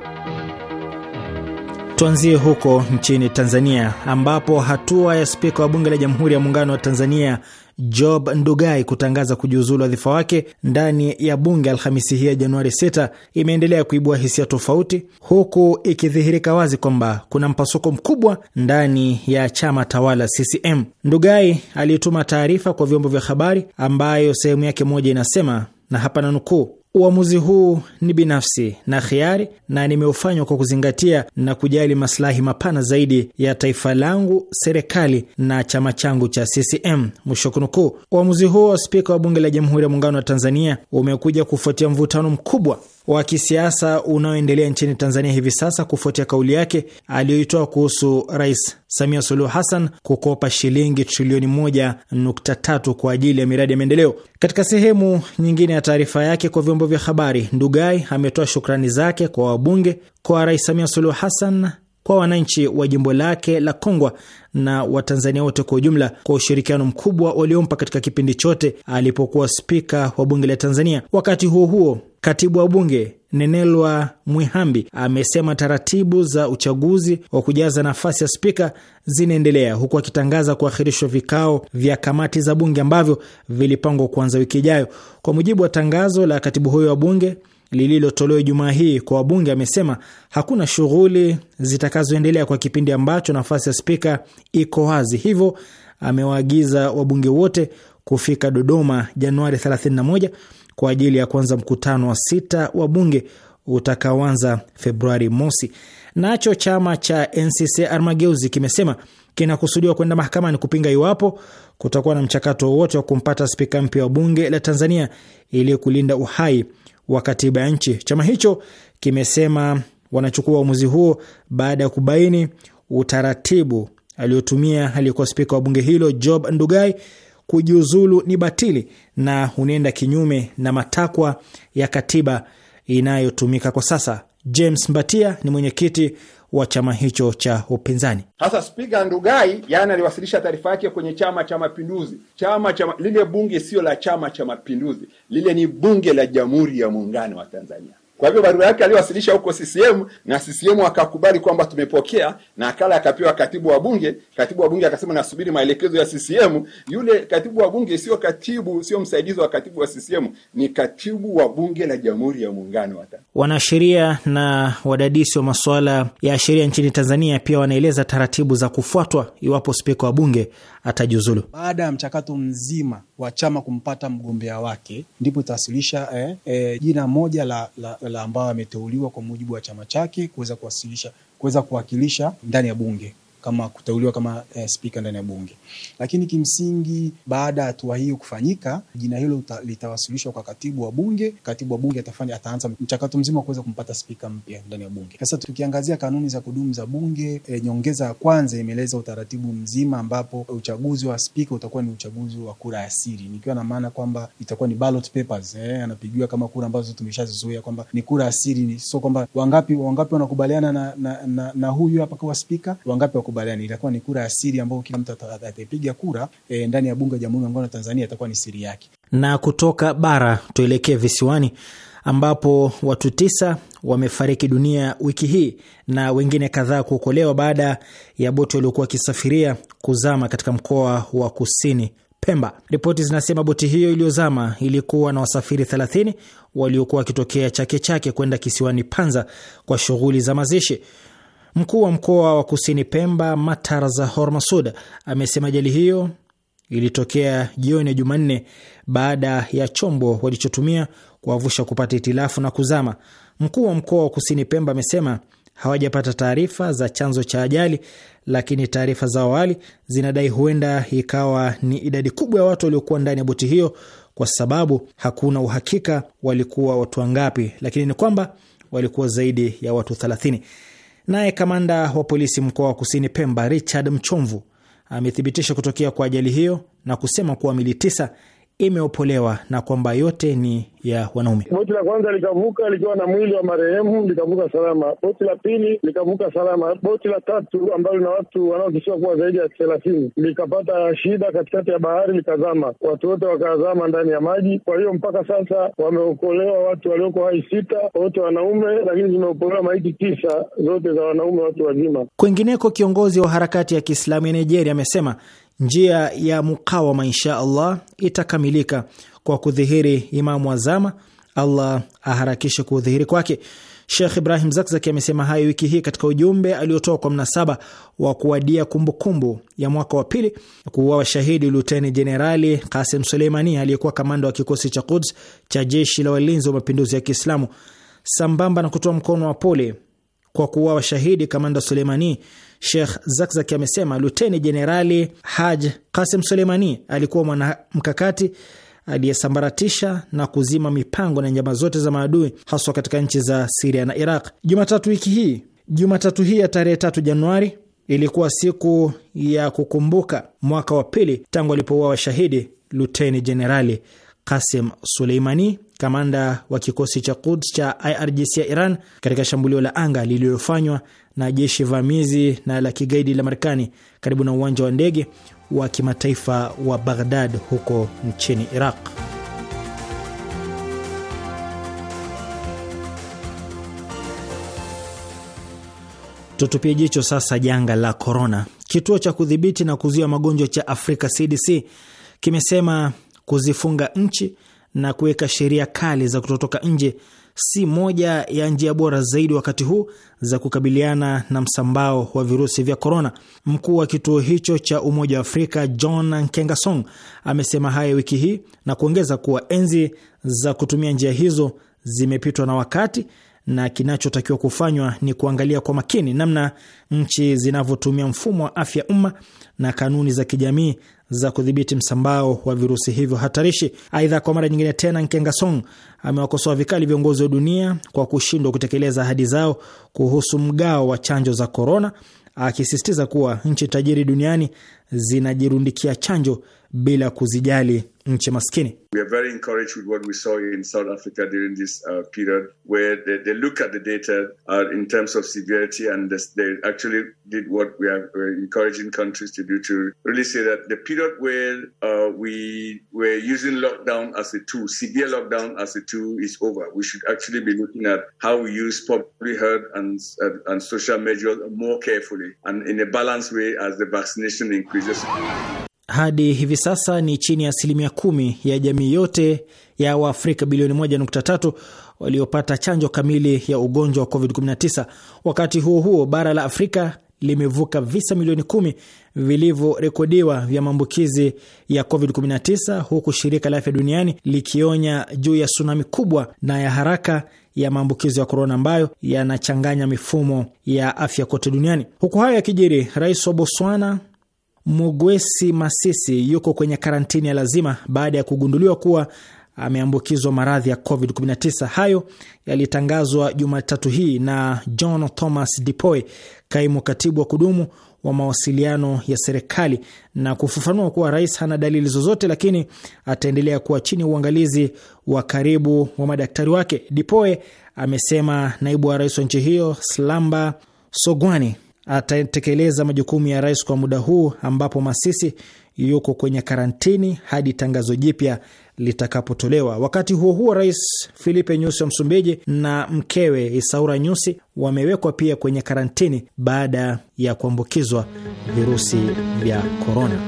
Tuanzie huko nchini Tanzania ambapo hatua ya spika wa bunge la Jamhuri ya Muungano wa Tanzania Job Ndugai kutangaza kujiuzulu wadhifa wake ndani ya bunge Alhamisi hii ya Januari 6 imeendelea kuibua hisia tofauti, huku ikidhihirika wazi kwamba kuna mpasuko mkubwa ndani ya chama tawala CCM. Ndugai aliituma taarifa kwa vyombo vya habari ambayo sehemu yake moja inasema na hapa na nukuu Uamuzi huu ni binafsi na khiari na nimeufanywa kwa kuzingatia na kujali masilahi mapana zaidi ya taifa langu, serikali na chama changu cha CCM. Mwisho kunukuu. Uamuzi huo wa spika wa bunge la Jamhuri ya Muungano wa Tanzania umekuja kufuatia mvutano mkubwa wa kisiasa unaoendelea nchini Tanzania hivi sasa kufuatia kauli yake aliyoitoa kuhusu Rais Samia Suluhu Hassan kukopa shilingi trilioni 13 kwa ajili ya miradi ya maendeleo. Katika sehemu nyingine ya taarifa yake kwa vyombo vya habari, Ndugai ametoa shukrani zake kwa wabunge, kwa Rais Samia Suluhu Hassan kwa wananchi wa jimbo lake la Kongwa na Watanzania wote kwa ujumla kwa ushirikiano mkubwa waliompa katika kipindi chote alipokuwa spika wa bunge la Tanzania. Wakati huo huo, katibu wa bunge Nenelwa Mwihambi amesema taratibu za uchaguzi wa kujaza nafasi ya spika zinaendelea, huku akitangaza kuahirishwa vikao vya kamati za bunge ambavyo vilipangwa kuanza wiki ijayo. Kwa mujibu wa tangazo la katibu huyo wa bunge lililotolewa Ijumaa hii kwa wabunge amesema hakuna shughuli zitakazoendelea kwa kipindi ambacho nafasi ya spika iko wazi, hivyo amewaagiza wabunge wote kufika Dodoma Januari 31 kwa ajili ya kuanza mkutano wa sita wa bunge utakaoanza Februari mosi. Nacho chama cha NCCR Mageuzi kimesema kinakusudiwa kwenda mahakamani kupinga iwapo kutakuwa na mchakato wowote wa kumpata spika mpya wa bunge la Tanzania ili kulinda uhai wa katiba ya nchi. Chama hicho kimesema wanachukua uamuzi huo baada ya kubaini utaratibu aliotumia aliyekuwa spika wa bunge hilo Job Ndugai kujiuzulu ni batili na unaenda kinyume na matakwa ya katiba inayotumika kwa sasa. James Mbatia ni mwenyekiti wa chama hicho cha upinzani. Sasa Spika Ndugai yani aliwasilisha taarifa yake kwenye Chama cha Mapinduzi. Chama cha lile bunge sio la Chama cha Mapinduzi, lile ni bunge la Jamhuri ya Muungano wa Tanzania. Kwa hivyo barua yake aliyowasilisha huko CCM na CCM akakubali kwamba tumepokea, na akala akapewa katibu wa bunge. Katibu wa bunge akasema nasubiri maelekezo ya CCM. Yule katibu wa bunge sio katibu, sio msaidizi wa katibu wa CCM, ni katibu wa bunge la Jamhuri ya Muungano wa Tanzania. Wanasheria na wadadisi wa masuala ya sheria nchini Tanzania pia wanaeleza taratibu za kufuatwa iwapo spika wa bunge atajiuzulu. Baada ya mchakato mzima wa chama kumpata mgombea wake, ndipo itawasilisha eh, eh, jina moja la, la, la mbadala ambao ameteuliwa kwa mujibu wa chama chake kuweza kuwasilisha kuweza kuwakilisha ndani ya bunge kama kuteuliwa kama eh, spika ndani ya bunge. Lakini kimsingi baada ya hatua hiyo kufanyika, jina hilo litawasilishwa kwa katibu wa bunge. Katibu wa bunge atafanya, ataanza mchakato mzima wa kuweza kumpata spika mpya ndani ya bunge. Sasa tukiangazia kanuni za kudumu za bunge, eh, nyongeza ya kwanza imeeleza utaratibu mzima ambapo uchaguzi wa spika utakuwa ni uchaguzi wa kura ya siri, nikiwa na maana kwamba itakuwa ni ballot papers, eh, anapigiwa kama kura ambazo tumeshazizoea kwamba ni kura ya siri, sio kwamba wangapi wangapi wanakubaliana na, na, na, na huyu hapa kwa spika, wangapi makubaliano, itakuwa ni kura ya siri ambayo kila mtu atapiga kura e, ndani ya bunge la Jamhuri ya Muungano wa Tanzania, itakuwa ni siri yake. Na kutoka bara tuelekee visiwani ambapo watu tisa wamefariki dunia wiki hii na wengine kadhaa kuokolewa baada ya boti waliokuwa wakisafiria kuzama katika mkoa wa Kusini Pemba. Ripoti zinasema boti hiyo iliyozama ilikuwa na wasafiri 30 waliokuwa wakitokea Chake Chake kwenda kisiwani Panza kwa shughuli za mazishi. Mkuu wa mkoa wa kusini Pemba, Matarza Hormasud, amesema ajali hiyo ilitokea jioni ya Jumanne baada ya chombo walichotumia kuwavusha kupata itilafu na kuzama. Mkuu wa mkoa wa kusini Pemba amesema hawajapata taarifa za chanzo cha ajali, lakini taarifa za awali zinadai huenda ikawa ni idadi kubwa ya watu waliokuwa ndani ya boti hiyo, kwa sababu hakuna uhakika walikuwa watu wangapi, lakini ni kwamba walikuwa zaidi ya watu 30. Naye kamanda wa polisi mkoa wa kusini Pemba, Richard Mchomvu, amethibitisha kutokea kwa ajali hiyo na kusema kuwa mili tisa imeopolewa na kwamba yote ni ya wanaume. Boti la kwanza likavuka likiwa na mwili wa marehemu, likavuka salama. Boti la pili likavuka salama. Boti la tatu ambalo lina watu wanaokisiwa kuwa zaidi ya thelathini likapata shida katikati ya bahari, likazama. Watu wote wakazama ndani ya maji. Kwa hiyo mpaka sasa wameokolewa watu walioko hai sita, wote wanaume, lakini zimeokolewa maiti tisa, zote za wanaume, watu wazima. Kwengineko, kiongozi wa harakati ya Kiislamu ya Nigeria amesema njia ya mukawama insha Allah itakamilika kwa kudhihiri Imamu Wazama, Allah aharakishe kudhihiri kwake. Shekh Ibrahim Zakzaki amesema hayo wiki hii katika ujumbe aliotoa kwa mnasaba wa kuwadia kumbukumbu ya mwaka wa pili kuuawa shahidi Luteni Jenerali Kasim Suleimani aliyekuwa kamanda wa kikosi cha Quds cha jeshi la walinzi wa mapinduzi ya Kiislamu, sambamba na kutoa mkono wa pole kwa kuuawa shahidi kamanda Suleimani. Sheikh Zakzaki amesema Luteni Jenerali Haj Kasim Suleimani alikuwa mwanamkakati aliyesambaratisha na kuzima mipango na njama zote za maadui haswa katika nchi za Siria na Iraq. Jumatatu wiki hii, Jumatatu hii ya tarehe tatu Januari ilikuwa siku ya kukumbuka mwaka wa pili tangu alipouawa shahidi Luteni Jenerali Kasim Suleimani kamanda wa kikosi cha Quds cha IRGC ya Iran katika shambulio la anga lililofanywa na jeshi vamizi na la kigaidi la Marekani karibu na uwanja wa ndege wa kimataifa wa Baghdad huko nchini Iraq. Tutupie jicho sasa janga la korona. Kituo cha kudhibiti na kuzuia magonjwa cha Afrika CDC kimesema kuzifunga nchi na kuweka sheria kali za kutotoka nje si moja ya njia bora zaidi wakati huu za kukabiliana na msambao wa virusi vya korona. Mkuu wa kituo hicho cha Umoja wa Afrika John Nkengasong amesema haya wiki hii na kuongeza kuwa enzi za kutumia njia hizo zimepitwa na wakati na kinachotakiwa kufanywa ni kuangalia kwa makini namna nchi zinavyotumia mfumo wa afya umma na kanuni za kijamii za kudhibiti msambao wa virusi hivyo hatarishi. Aidha, kwa mara nyingine tena, Nkengasong amewakosoa vikali viongozi wa dunia kwa kushindwa kutekeleza ahadi zao kuhusu mgao wa chanjo za korona, akisisitiza kuwa nchi tajiri duniani zinajirundikia chanjo bila kuzijali nchi maskini. We are very encouraged with what we saw in South Africa during this uh, period where they, they look at the data uh, in terms of severity and this, they actually did what we are encouraging countries to do to really say that the period where uh, we were using lockdown as a tool, severe lockdown as a tool is over. We should actually be looking at how we use public health and, and social measures more carefully and in a balanced way as the vaccination increases. Hadi hivi sasa ni chini ya asilimia kumi ya jamii yote ya Waafrika bilioni 1.3 waliopata chanjo kamili ya ugonjwa wa COVID-19. Wakati huo huo, bara la Afrika limevuka visa milioni kumi vilivyorekodiwa vya maambukizi ya COVID-19, huku shirika la afya duniani likionya juu ya tsunami kubwa na ya haraka ya maambukizo ya korona ambayo yanachanganya mifumo ya afya kote duniani. Huku hayo yakijiri, rais wa Botswana Mogwesi Masisi yuko kwenye karantini ya lazima baada ya kugunduliwa kuwa ameambukizwa maradhi ya COVID-19. Hayo yalitangazwa Jumatatu hii na John Thomas Dipoe, kaimu katibu wa kudumu wa mawasiliano ya serikali, na kufafanua kuwa rais hana dalili zozote, lakini ataendelea kuwa chini ya uangalizi wa karibu wa madaktari wake. Dipoe amesema naibu wa rais wa nchi hiyo Slamba Sogwani atatekeleza majukumu ya rais kwa muda huu ambapo Masisi yuko kwenye karantini hadi tangazo jipya litakapotolewa. Wakati huo huo, rais Filipe Nyusi wa Msumbiji na mkewe Isaura Nyusi wamewekwa pia kwenye karantini baada ya kuambukizwa virusi vya korona.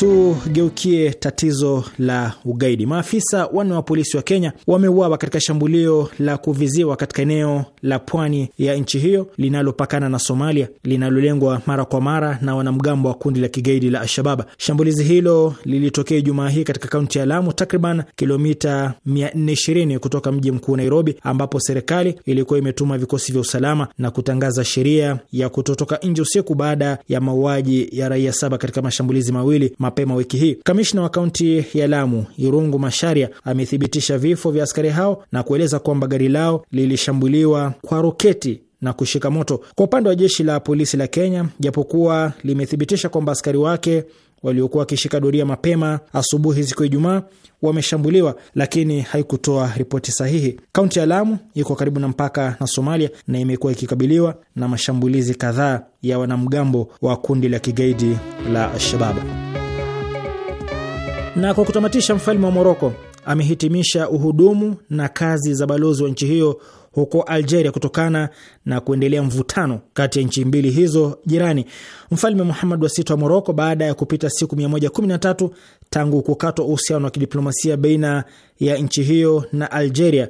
Tugeukie tatizo la ugaidi. Maafisa wanne wa polisi wa Kenya wameuawa katika shambulio la kuviziwa katika eneo la pwani ya nchi hiyo linalopakana na Somalia, linalolengwa mara kwa mara na wanamgambo wa kundi la kigaidi la Alshababa. Shambulizi hilo lilitokea Ijumaa hii katika kaunti ya Lamu, takriban kilomita 420 kutoka mji mkuu Nairobi, ambapo serikali ilikuwa imetuma vikosi vya usalama na kutangaza sheria ya kutotoka nje usiku baada ya mauaji ya raia saba katika mashambulizi mawili Mapema wiki hii, kamishna wa kaunti ya Lamu Irungu Masharia amethibitisha vifo vya askari hao na kueleza kwamba gari lao lilishambuliwa kwa roketi na kushika moto. Kwa upande wa jeshi la polisi la Kenya, japokuwa limethibitisha kwamba askari wake waliokuwa wakishika doria mapema asubuhi siku ya Ijumaa wameshambuliwa, lakini haikutoa ripoti sahihi. Kaunti ya Lamu iko karibu na mpaka na Somalia na imekuwa ikikabiliwa na mashambulizi kadhaa ya wanamgambo wa kundi la kigaidi la Al-Shabab. Na kwa kutamatisha, mfalme wa Moroko amehitimisha uhudumu na kazi za balozi wa nchi hiyo huko Algeria kutokana na kuendelea mvutano kati ya nchi mbili hizo jirani. Mfalme Muhammad wa sita wa Moroko, baada ya kupita siku 113 tangu kukatwa uhusiano wa kidiplomasia baina ya nchi hiyo na Algeria,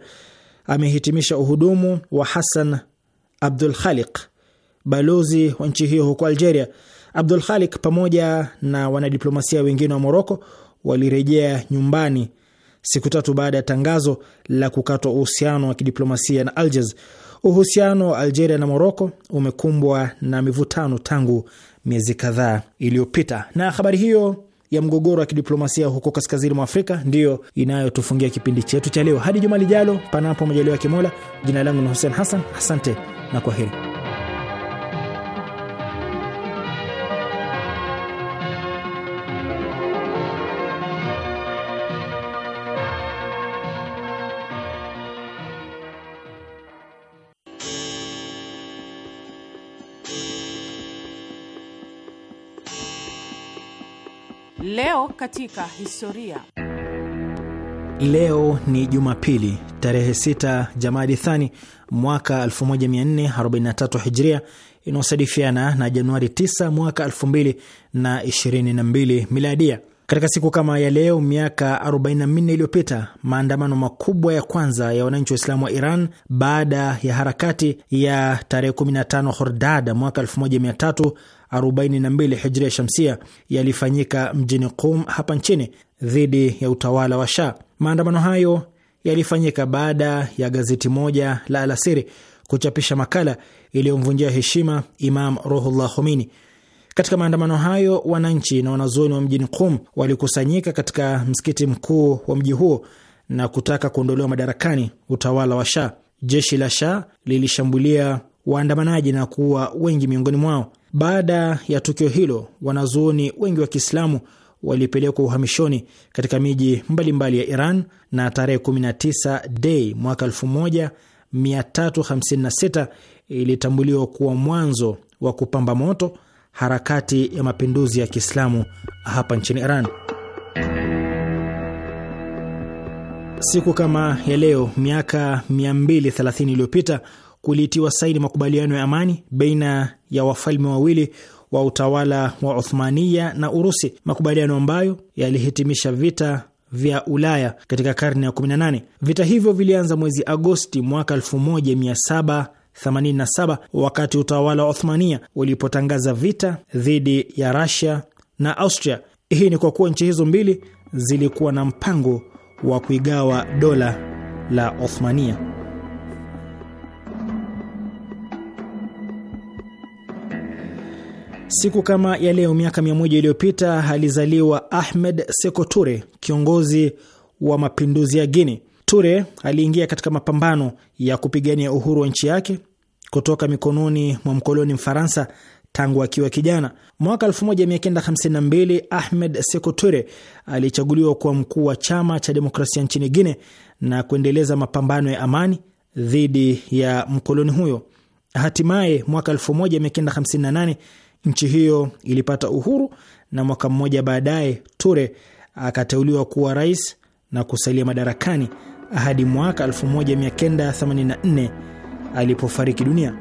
amehitimisha uhudumu wa Hassan Abdul khalik balozi wa nchi hiyo huko Algeria. Abdul Khalik pamoja na wanadiplomasia wengine wa Moroko walirejea nyumbani siku tatu baada ya tangazo la kukatwa uhusiano wa kidiplomasia na Algiers. Uhusiano wa Algeria na Moroko umekumbwa na mivutano tangu miezi kadhaa iliyopita, na habari hiyo ya mgogoro wa kidiplomasia huko kaskazini mwa Afrika ndiyo inayotufungia kipindi chetu cha leo. Hadi juma lijalo, panapo majaliwa ya Kimola. Jina langu ni Hussein Hassan, asante na kwa heri Leo katika historia. Leo ni Jumapili tarehe 6 Jamadi Thani mwaka 1443 Hijria, inayosadifiana na Januari 9 mwaka 2022 Miladia. Katika siku kama ya leo miaka 44 iliyopita maandamano makubwa ya kwanza ya wananchi wa islamu wa Iran baada ya harakati ya tarehe 15 Hordada mwaka 42 hijria shamsia yalifanyika mjini Qum hapa nchini dhidi ya utawala wa Shah. Maandamano hayo yalifanyika baada ya gazeti moja la alasiri kuchapisha makala iliyomvunjia heshima Imam Ruhullah Khomeini. Katika maandamano hayo, wananchi na wanazuoni wa mjini Qum walikusanyika katika msikiti mkuu wa mji huo na kutaka kuondolewa madarakani utawala wa Shah. Jeshi la Shah lilishambulia waandamanaji na kuwa wengi miongoni mwao. Baada ya tukio hilo, wanazuoni wengi wa Kiislamu walipelekwa uhamishoni katika miji mbalimbali mbali ya Iran, na tarehe 19 Dei mwaka 1356 ilitambuliwa kuwa mwanzo wa kupamba moto harakati ya mapinduzi ya Kiislamu hapa nchini Iran. Siku kama ya leo miaka 230 iliyopita kulitiwa saini makubaliano ya amani baina ya wafalme wawili wa utawala wa Othmania na Urusi, makubaliano ambayo yalihitimisha vita vya Ulaya katika karne ya 18. Vita hivyo vilianza mwezi Agosti mwaka 1787 wakati utawala wa Othmania ulipotangaza vita dhidi ya Russia na Austria. Hii ni kwa kuwa nchi hizo mbili zilikuwa na mpango wa kuigawa dola la Othmania. Siku kama ya leo miaka mia moja iliyopita alizaliwa Ahmed Seko Ture, kiongozi wa mapinduzi ya guine Ture aliingia katika mapambano ya kupigania uhuru wa nchi yake kutoka mikononi mwa mkoloni Mfaransa tangu akiwa kijana. Mwaka 1952 Ahmed Seko Ture alichaguliwa kuwa mkuu wa chama cha demokrasia nchini Guine na kuendeleza mapambano ya amani dhidi ya mkoloni huyo. Hatimaye mwaka 1958 Nchi hiyo ilipata uhuru na mwaka mmoja baadaye Ture akateuliwa kuwa rais na kusalia madarakani hadi mwaka 1984 alipofariki dunia.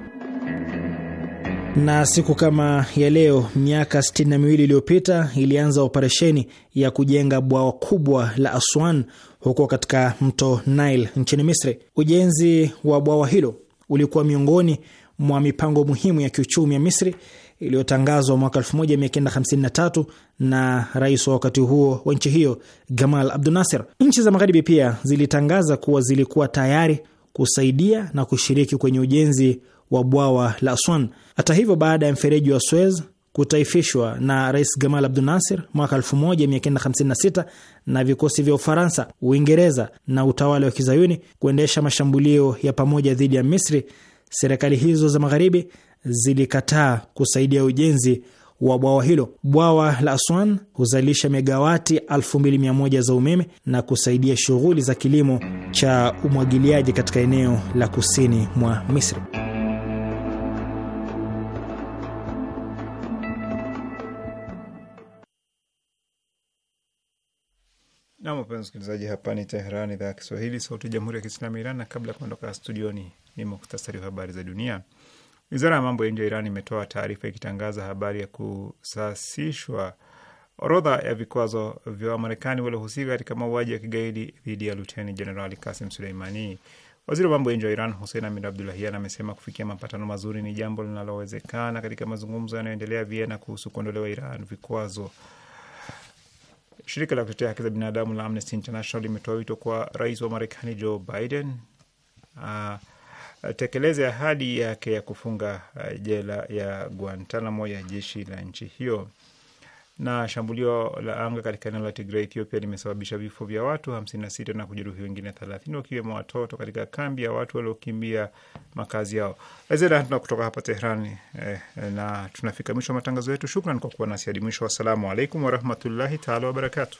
Na siku kama ya leo miaka 6 na miwili iliyopita ilianza operesheni ya kujenga bwawa kubwa la Aswan huko katika mto Nile nchini Misri. Ujenzi wa bwawa hilo ulikuwa miongoni mwa mipango muhimu ya kiuchumi ya Misri iliyotangazwa mwaka 1953 na rais wa wakati huo wa nchi hiyo Gamal Abdu Nasser. Nchi za magharibi pia zilitangaza kuwa zilikuwa tayari kusaidia na kushiriki kwenye ujenzi wa bwawa la Aswan. Hata hivyo, baada ya mfereji wa Suez kutaifishwa na rais Gamal Abdu Nasir mwaka 1956 na vikosi vya Ufaransa, Uingereza na utawala wa kizayuni kuendesha mashambulio ya pamoja dhidi ya Misri, serikali hizo za magharibi zilikataa kusaidia ujenzi wa bwawa hilo. Bwawa la Aswan huzalisha megawati 2100 za umeme na kusaidia shughuli za kilimo cha umwagiliaji katika eneo la kusini mwa Misri. Nam, wapenzi msikilizaji, hapa ni teheran idhaa ya Kiswahili, sauti ya jamhuri ya kiislamu ya Iran. Na kabla ya kuondoka studioni, ni muktasari wa habari za dunia. Wizara ya mambo ya nje ya Iran imetoa taarifa ikitangaza habari ya kusasishwa orodha ya vikwazo vya Wamarekani waliohusika katika mauaji ya kigaidi dhidi ya luteni jenerali Kasim Suleimani. Waziri wa mambo ya nje wa Iran Hussein Amir Abdulahian amesema kufikia mapatano mazuri ni jambo linalowezekana katika mazungumzo yanayoendelea Vienna kuhusu kuondolewa Iran vikwazo. Shirika la kutetea haki za binadamu la Amnesty International limetoa wito kwa rais wa Marekani Joe Biden uh, tekeleze ahadi yake ya kufunga uh, jela ya Guantanamo ya jeshi la nchi hiyo. Na shambulio la anga katika eneo la Tigray, Ethiopia, limesababisha vifo vya watu 56 na kujeruhi wengine 30 wakiwemo watoto katika kambi ya watu waliokimbia makazi yao. Azedana kutoka hapa Tehran eh, na tunafika mwisho wa matangazo yetu. Shukran kwa kuwa nasi hadi mwisho. Wassalamu alaikum warahmatullahi taala wabarakatu.